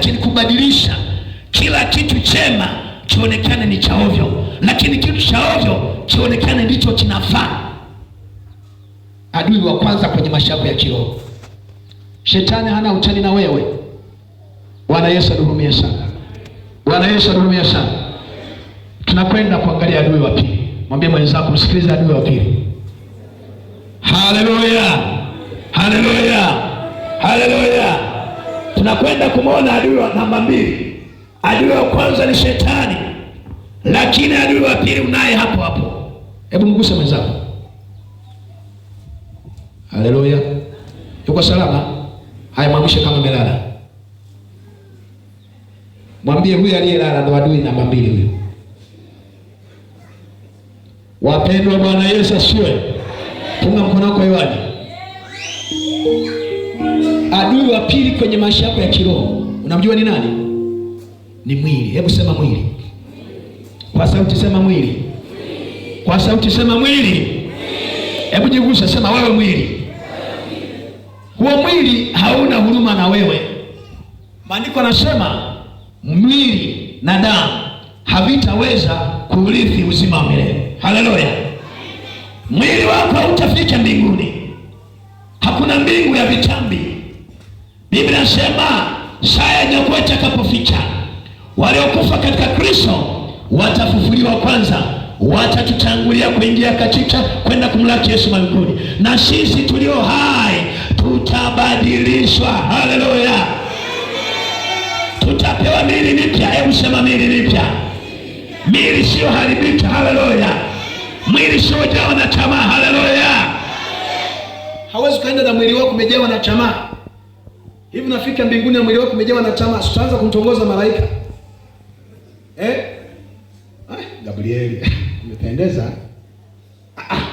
lakini kubadilisha kila kitu chema kionekane ni cha ovyo, lakini kitu cha ovyo kionekane ndicho kinafaa. Adui wa kwanza kwenye mashavu ya kiroho, shetani hana uchani na wewe. Bwana Yesu aduhumie sana, Bwana Yesu aduhumie sana. Tunakwenda kuangalia adui wa pili. Mwambie mwenzako, msikilize adui wa pili. Haleluya, haleluya, haleluya tunakwenda kumwona adui wa namba mbili. Adui wa kwanza ni Shetani, lakini adui wa pili unaye hapo hapo. Hebu mguse mwenzako. Haleluya, yuko salama. Haya, mwamishe kama melala, mwambie huyu aliyelala ndo adui namba mbili huyu Wapendwa, Bwana Yesu asiwe. Funga mkono wako iwaje adui wa pili kwenye maisha yako ya kiroho unamjua ni nani? Ni mwili. Hebu sema mwili kwa sauti, sema mwili kwa sauti, sema mwili. Hebu jigusa, sema wewe mwili. Huo mwili hauna huruma na wewe. Maandiko anasema mwili na damu havitaweza kurithi uzima wa milele. Haleluya! Mwili wako hautafika mbinguni, hakuna mbingu ya vitambi Biblia nasema saa ya jangwa itakapoficha, waliokufa katika Kristo watafufuliwa kwanza, watatutangulia kuingia katika kwenda kumlaki Yesu mbinguni, na sisi tulio hai tutabadilishwa. Haleluya! Tutapewa miili mipya. Hebu sema miili mipya, miili haribika. Haleluya! mwili jawa na tamaa. Haleluya! hawezi ukaenda na mwili wako umejawa na tamaa Hivi nafika mbinguni na mwili wako umejawa na tamaa, tutaanza kumtongoza malaika eh? Ah, Gabrieli umependeza. Ah, ah,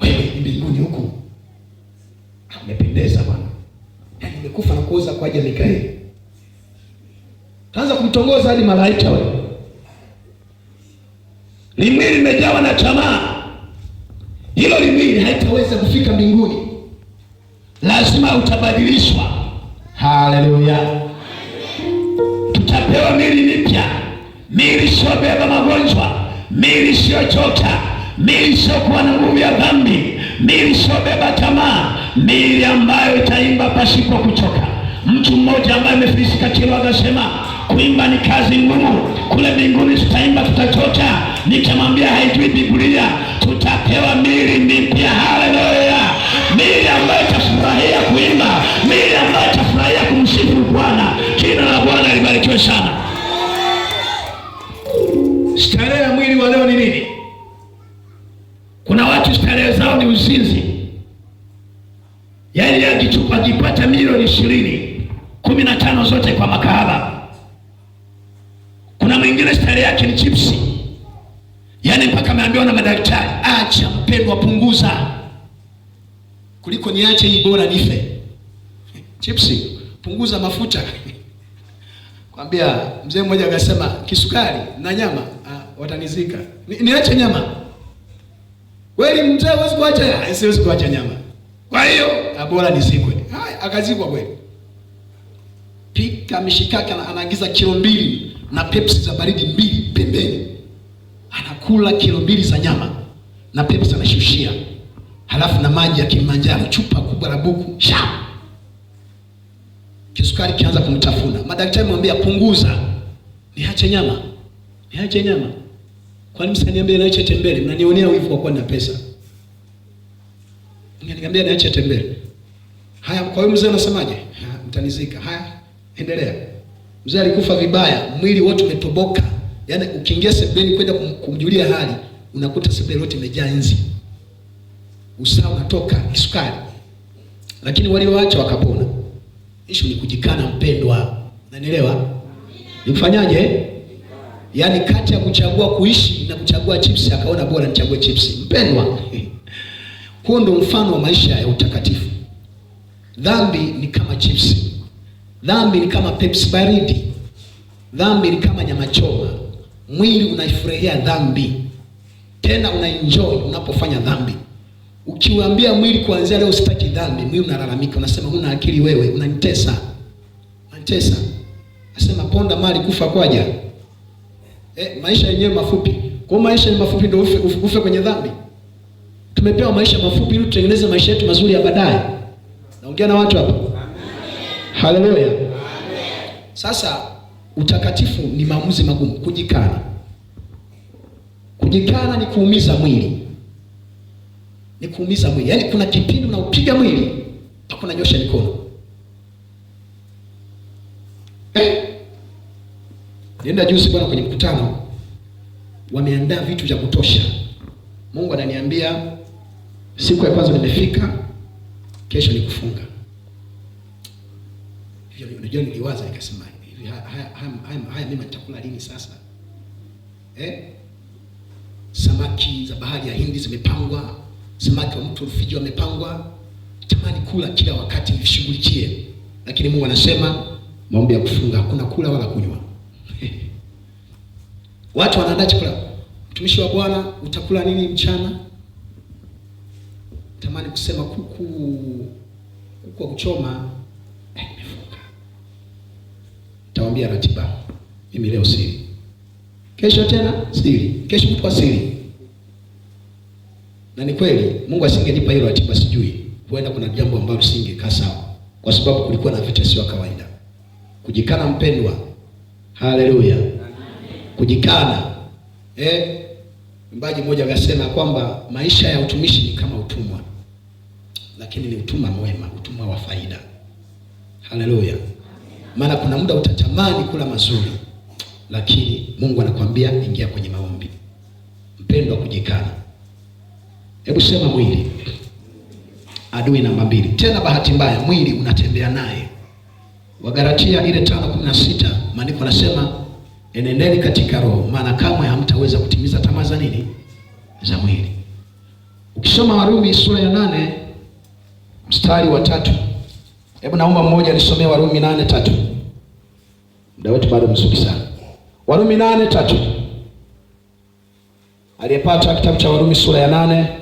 wewe mbinguni huko ah, umependeza bwana, eh, nimekufa na kuoza kwa ajili ya Mikaeli. kumtongoza hadi malaika wewe. Limwili limejawa na tamaa, hilo limwili haitaweza kufika mbinguni, lazima utabadilishwa Haleluya! Tutapewa miili mipya, miili isiyobeba magonjwa, miili isiyochoka, miili isiyokuwa na nguvu ya dhambi, miili isiyobeba tamaa, miili ambayo itaimba pasipo kuchoka. Mtu mmoja ambaye amefilisika kilo akasema kuimba ni kazi ngumu, kule mbinguni tutaimba, tutachoka. Nikamwambia haijui Biblia, tutapewa miili mipya. Haleluya! miili ambayo itafurahia kuimba, miili ambayo itafurahia Bwana, jina la Bwana libarikiwe sana. Starehe ya mwili wa leo ni nini? Kuna watu starehe zao ni uzinzi, yaani akipata milioni ishirini kumi na tano zote kwa makahaba. Kuna mwingine starehe yake ni chipsi, yaani mpaka ameambiwa na madaktari, acha mpendwa, punguza kuliko niache hii, bora nife chipsi punguza mafuta. Kwambia mzee mmoja akasema kisukari na nyama ah, watanizika. Ni, niache nyama. Kweli mzee huwezi kuacha, eh, siwezi kuacha nyama. Kwa hiyo ah, bora nizikwe. Haya akazikwa kweli. Pika mishikaki anaagiza kilo mbili na Pepsi za baridi mbili pembeni. Anakula kilo mbili za nyama na Pepsi anashushia. Halafu na maji ya Kilimanjaro chupa kubwa la buku. Shaa kisukari kianza kumtafuna. Madaktari mwambia punguza, niache nyama, niache nyama. Kwa nini msaniambia niache tembele? Mnanionea wivu kwa kuwa na pesa, Ningeniambia niache tembele. Haya, kwa hiyo mzee anasemaje? Ha, mtanizika. Haya, endelea. Mzee alikufa vibaya, mwili wote umetoboka. Yaani ukiingia sebeni kwenda kumjulia hali, unakuta sebeni yote imejaa nzi, usaha unatoka, kisukari. Lakini walioacha wakapona. Hicho ni kujikana mpendwa. Unanielewa? Ni kufanyaje? Yaani kati ya kuchagua kuishi na kuchagua chipsi, akaona bora nichague chipsi. Mpendwa. Huo ndio mfano wa maisha ya utakatifu. Dhambi ni kama chipsi, Dhambi ni kama Pepsi baridi. Dhambi ni kama nyama choma. Mwili unaifurahia dhambi. Tena unaenjoy unapofanya dhambi. Ukiwaambia mwili kuanzia leo usitaki dhambi, mwili unalalamika, unasema huna akili wewe, unanitesa, unanitesa. Nasema ponda mali kufa kwaja. Eh, maisha yenyewe mafupi. Kwa maisha ni mafupi ndio ufe, ufe, ufe kwenye dhambi. Tumepewa maisha mafupi ili tutengeneze maisha yetu mazuri ya baadaye. Naongea na watu hapa. Haleluya. Sasa utakatifu ni maamuzi magumu, kujikana. Kujikana ni kuumiza mwili ni kuumiza mwili. Yaani kuna kipindi unaupiga mwili mpaka unanyosha mikono. Eh. Nienda juzi bwana kwenye mkutano wameandaa vitu vya kutosha. Mungu ananiambia siku ya kwanza nimefika, kesho ni kufunga. Hivyo unajua, niliwaza nikasema hivi, haya haya mimi nitakula lini sasa? Eh? Samaki za bahari ya Hindi zimepangwa Samaki wa mtu Rufiji wamepangwa, tamani kula kila wakati, vishughulikie. Lakini Mungu anasema maombi ya kufunga hakuna kula wala kunywa. Watu wanaandaa chakula, mtumishi wa Bwana, utakula nini mchana? Tamani kusema kuku, kuku wa kuchoma. Eh, nimefunga. Tawambia ratiba, mimi leo siri, kesho tena siri, kesho kutwa siri na ni kweli Mungu asingenipa hilo ratiba, sijui huenda kuna jambo ambalo singekaa sawa, kwa sababu kulikuwa na vita sio kawaida. Kujikana mpendwa, haleluya, kujikana eh. Mbaji mmoja akasema kwamba maisha ya utumishi ni kama utumwa, lakini ni utumwa mwema, utumwa wa faida. Haleluya, maana kuna muda utatamani kula mazuri, lakini Mungu anakuambia ingia kwenye maombi. Mpendwa, kujikana Hebu sema mwili, adui namba mbili. Tena bahati mbaya mwili unatembea naye. Wagalatia ile tano kumi na sita maandiko anasema enendeni katika roho, maana kamwe hamtaweza kutimiza tamaa za nini za mwili. Ukisoma Warumi sura ya nane mstari wa tatu, hebu naomba mmoja alisomea Warumi nane tatu. Muda wetu bado mzuri sana. Warumi nane tatu, aliyepata kitabu cha Warumi sura ya nane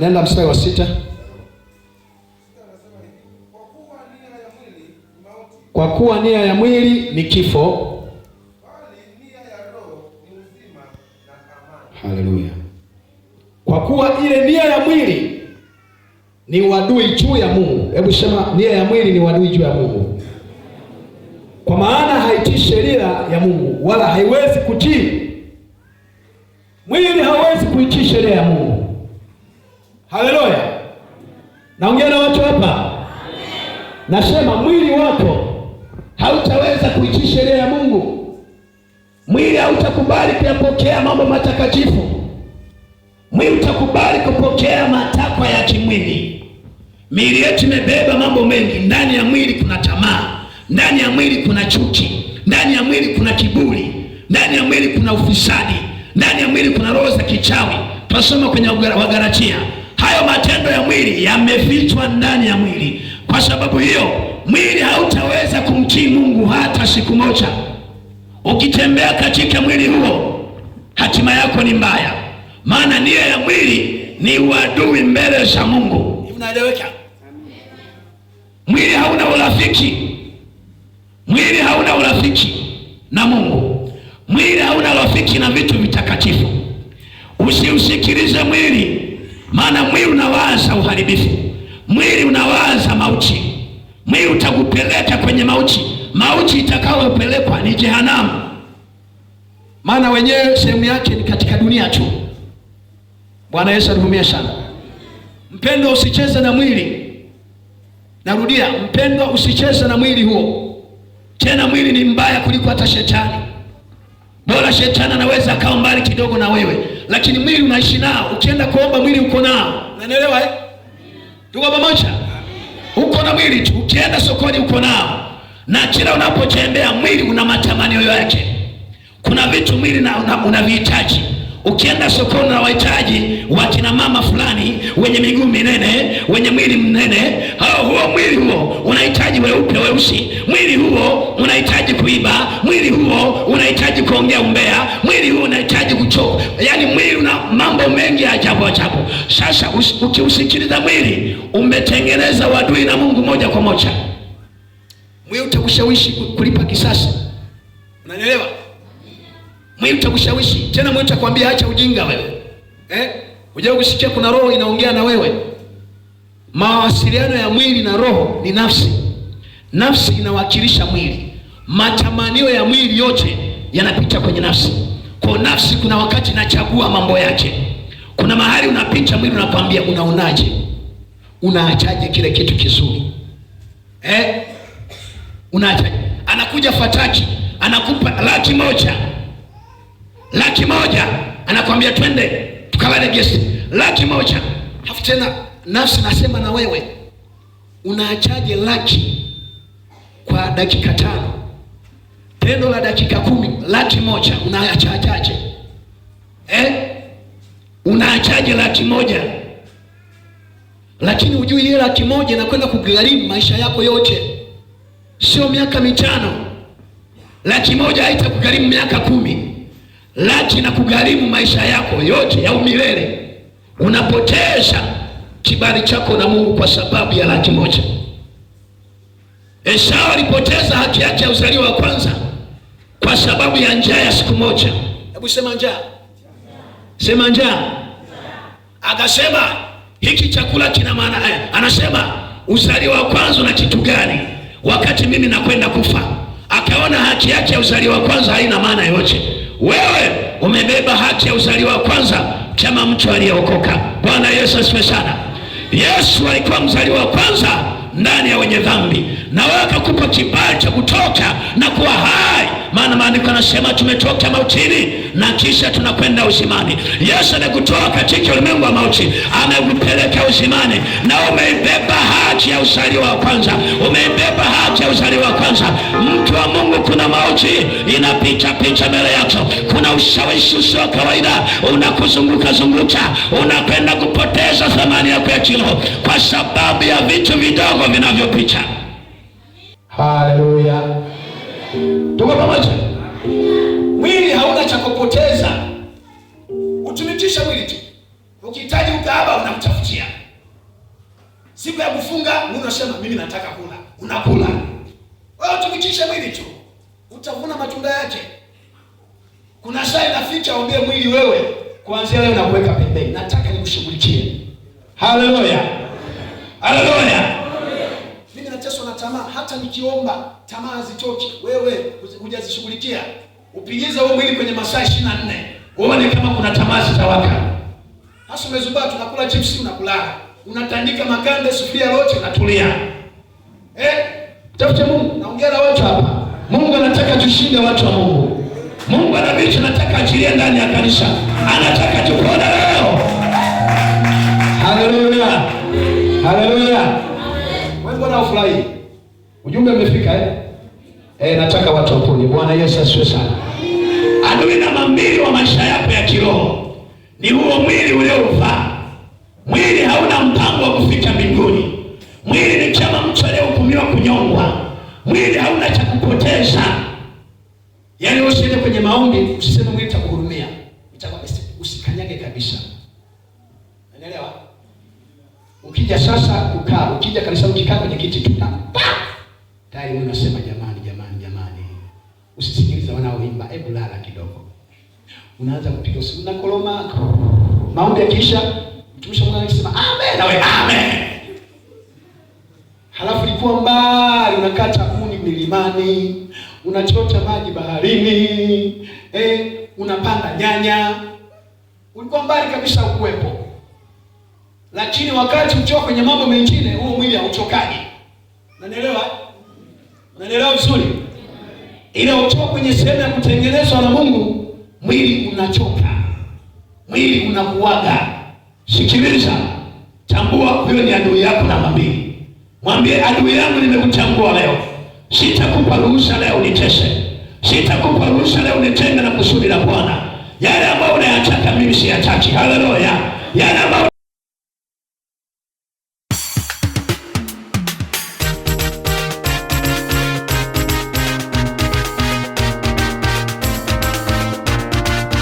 nenda mstari wa sita. Kwa kuwa nia ya mwili ni kifo, haleluya. Kwa kuwa ile nia ya mwili ni wadui juu ya Mungu. Hebu sema nia ya mwili ni wadui juu ya Mungu, kwa maana haitii sheria ya Mungu, wala haiwezi kutii. Mwili hauwezi kuitii sheria ya Mungu. Haleluya, naongea na watu hapa. Nasema mwili wako hautaweza kuitii sheria ya Mungu. Mwili hautakubali kuyapokea mambo matakatifu. Mwili utakubali kupokea matakwa ya kimwili. Miili yetu imebeba mambo mengi. Ndani ya mwili kuna tamaa, ndani ya mwili kuna chuki, ndani ya mwili kuna kiburi, ndani ya mwili kuna ufisadi, ndani ya mwili kuna roho za kichawi. Tunasoma kwenye Wagalatia hayo matendo ya mwili yamefichwa ndani ya mwili. Kwa sababu hiyo mwili hautaweza kumtii Mungu hata siku moja. Ukitembea katika mwili huo, hatima yako ni mbaya, maana nia ya mwili ni uadui mbele za Mungu. Unaeleweka? Mwili hauna urafiki, mwili hauna urafiki na Mungu, mwili hauna urafiki na vitu vitakatifu. Usiusikilize mwili maana mwili unawaza uharibifu, mwili unawaza mauti, mwili utakupeleka kwenye mauti. Mauti itakayopelekwa ni jehanamu, maana wenyewe sehemu yake ni katika dunia tu. Bwana Yesu alihumia sana. Mpendwa, usicheze na mwili. Narudia, mpendwa, usicheze na mwili huo. Tena mwili ni mbaya kuliko hata shetani. Bora shetani anaweza akawa mbali kidogo na wewe lakini mwili unaishi nao. Ukienda kuomba mwili uko nao, unanielewa eh? Tuko pamoja, uko na mwili tu. Ukienda sokoni uko nao, na kila unapotembea mwili una matamanio yake. Kuna vitu mwili na unavihitaji una Ukienda sokoni na wahitaji wakina mama fulani wenye miguu minene wenye mwili mnene, huo mwili huo unahitaji weupe weusi, mwili huo unahitaji kuiba, mwili huo unahitaji kuongea umbea, mwili huo unahitaji kuchoka, yaani mwili una mambo mengi ya ajabu ajabu. Sasa ukiusikiliza mwili, umetengeneza wadui na Mungu moja kwa moja. Mwili utakushawishi kulipa kisasi, unanielewa? mwe mtakushawishi tena, mwe mtakwambia acha ujinga wewe eh? Unajua kusikia kuna roho inaongea na wewe. Mawasiliano ya mwili na roho ni nafsi. Nafsi inawakilisha mwili, matamanio ya mwili yote yanapita kwenye nafsi. Kwa nafsi, kuna wakati inachagua mambo yake. Kuna mahali unapita, mwili unakwambia unaonaje, unaachaje kile kitu kizuri eh? Unaachaje? Anakuja fataki, anakupa laki moja laki moja, anakwambia twende tukawale gesi laki moja. Halafu tena nafsi nasema na wewe unaachaje laki kwa dakika tano? Tendo la dakika kumi, laki moja unaachachaje eh? Unaachaje laki moja? Lakini ujui ile laki moja inakwenda kugharimu maisha yako yote, sio miaka mitano. Laki moja haitakugharimu miaka kumi laki na kugharimu maisha yako yote ya umilele. Unapoteza kibali chako na Mungu kwa sababu ya laki moja. Esau alipoteza haki yake ya uzaliwa wa kwanza kwa sababu ya njaa ya siku moja. Hebu sema njaa, sema njaa. Akasema hiki chakula kina maana haya. Eh, anasema uzaliwa wa kwanza na kitu gani wakati mimi nakwenda kufa? Akaona haki yake ya uzaliwa wa kwanza haina maana yoyote. Wewe umebeba hati ya uzaliwa wa kwanza kama mtu aliyeokoka. Bwana Yesu asifiwe sana. Yesu alikuwa mzaliwa wa kwanza ndani ya wenye dhambi, na wewe akakupa kibali cha kutoka na kuwa hai, maana maandiko anasema tumetoka mautini na kisha tunakwenda uzimani. Yesu amekutoa katika ulimwengu wa mauti, amekupeleka uzimani na umeibeba hati ya uzaliwa wa kwanza, umeibeba hati ya uzaliwa wa kwanza. Mtu wa Mungu, kuna mauti inapita pita mbele yako, kuna ushawishi usio wa kawaida unakuzunguka zunguka, unakwenda kupoteza thamani yako ya kiroho kwa sababu ya vitu vidogo vinavyopita. Haleluya, tuko pamoja. Mwili hauna cha kupoteza, utumitisha mwili tu ukita Siku ya kufunga unasema mimi nataka kula, unakula wewe, utumikishe mwili tu, utavuna matunda yake. Kuna saa inaficha, ombee mwili wewe, kuanzia leo nakuweka pembeni, nataka nikushughulikie. Haleluya, haleluya. Mimi nateswa na tamaa, hata nikiomba tamaa hazitoki. Wewe hujazishughulikia, upigize huo mwili kwenye masaa 24 uone kama kuna tamaa zitawaka. Hasa umezubaa, tunakula chipsi, unakula unatandika makande sufuria lote unatulia. Eh, Tafuta Mungu. Naongea na watu hapa, Mungu anataka tushinde watu wa Mungu. Mungu ana vitu anataka ajilie ndani ya kanisa, anataka tupone leo. Haleluya, haleluya. Wewe bwana ufurahi? Ujumbe umefika eh? Eh, nataka watu wapone. Bwana Yesu asifiwe sana. Adui na mambili wa maisha yako ya kiroho ni huo mwili uliofaa kufika mbinguni. Mwili ni chama mtu aliyehukumiwa kunyongwa. Mwili hauna cha kupoteza. Yaani usiende kwenye maombi usiseme mwili itakuhurumia. Itakwambia usikanyage kabisa. Unaelewa? Ukija sasa ukaa, ukija kanisa ukikaa kwenye kiti tu. Tayari wewe unasema jamani, jamani, jamani. Usisikilize wanaoimba, hebu lala kidogo. Unaanza kupiga usiku na koloma. Maombi yakisha Mtumishi amen. Halafu ilikuwa mbali, unakata kuni milimani, unachota maji baharini, eh, unapanda nyanya. Ulikuwa mbali kabisa ukuwepo, lakini wakati ukiwa kwenye mambo mengine, huo mwili hauchokaji. Unanielewa? Unanielewa vizuri? Ile ukiwa kwenye sehemu ya kutengenezwa na Mungu, mwili unachoka, mwili unakuwaga. Sikiliza, tambua huyo ni adui yako namba mbili. Mwambie adui yangu, nimekuchambua leo, sitakupa ruhusa leo nitese sitakupa ruhusa leo unitenga na kusudi la Bwana. Yale ambayo unayataka mimi siyataki. Haleluya! yale ambayo